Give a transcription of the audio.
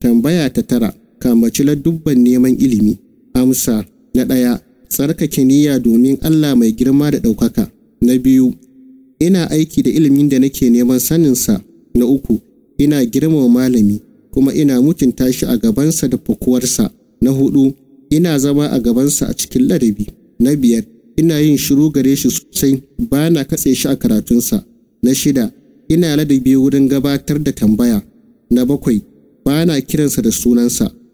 Tambaya ta tara, kamaci dubban neman ilimi. Amsa na ɗaya, tsarkake niyya domin Allah mai girma da ɗaukaka. Na biyu, ina aiki da ilimin da nake neman saninsa. Na uku, ina girmama malami, kuma ina mutunta shi a gabansa da fakuwarsa. Na hudu, ina zama a gabansa a cikin ladabi. Na biyar, ina yin shiru gare shi sosai ba na katse shi a karatunsa. Na shida, ina ladabi wurin gabatar da tambaya. Na bakwai, ba na kiransa da sunansa